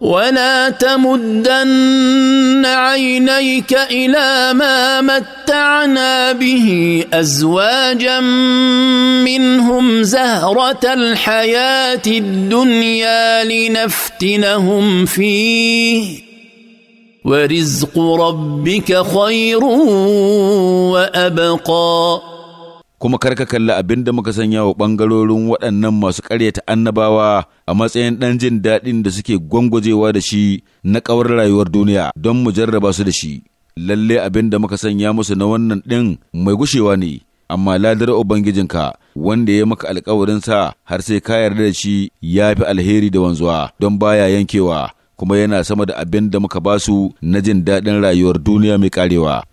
ولا تمدن عينيك الى ما متعنا به ازواجا منهم زهره الحياه الدنيا لنفتنهم فيه ورزق ربك خير وابقى kuma kar ka kalli abin da muka sanya wa bangarorin waɗannan masu ƙaryata annabawa a matsayin ɗan jin daɗin da suke gwangwajewa da shi na ƙawar rayuwar duniya don mu jarraba su da shi. Lalle abin da muka sanya musu na wannan ɗin mai gushewa ne, amma ladar Ubangijinka wanda ya maka alkawarinsa har sai ka yarda da shi ya fi alheri da wanzuwa don baya yankewa. kuma yana sama da abin da muka basu na jin daɗin rayuwar duniya mai ƙarewa.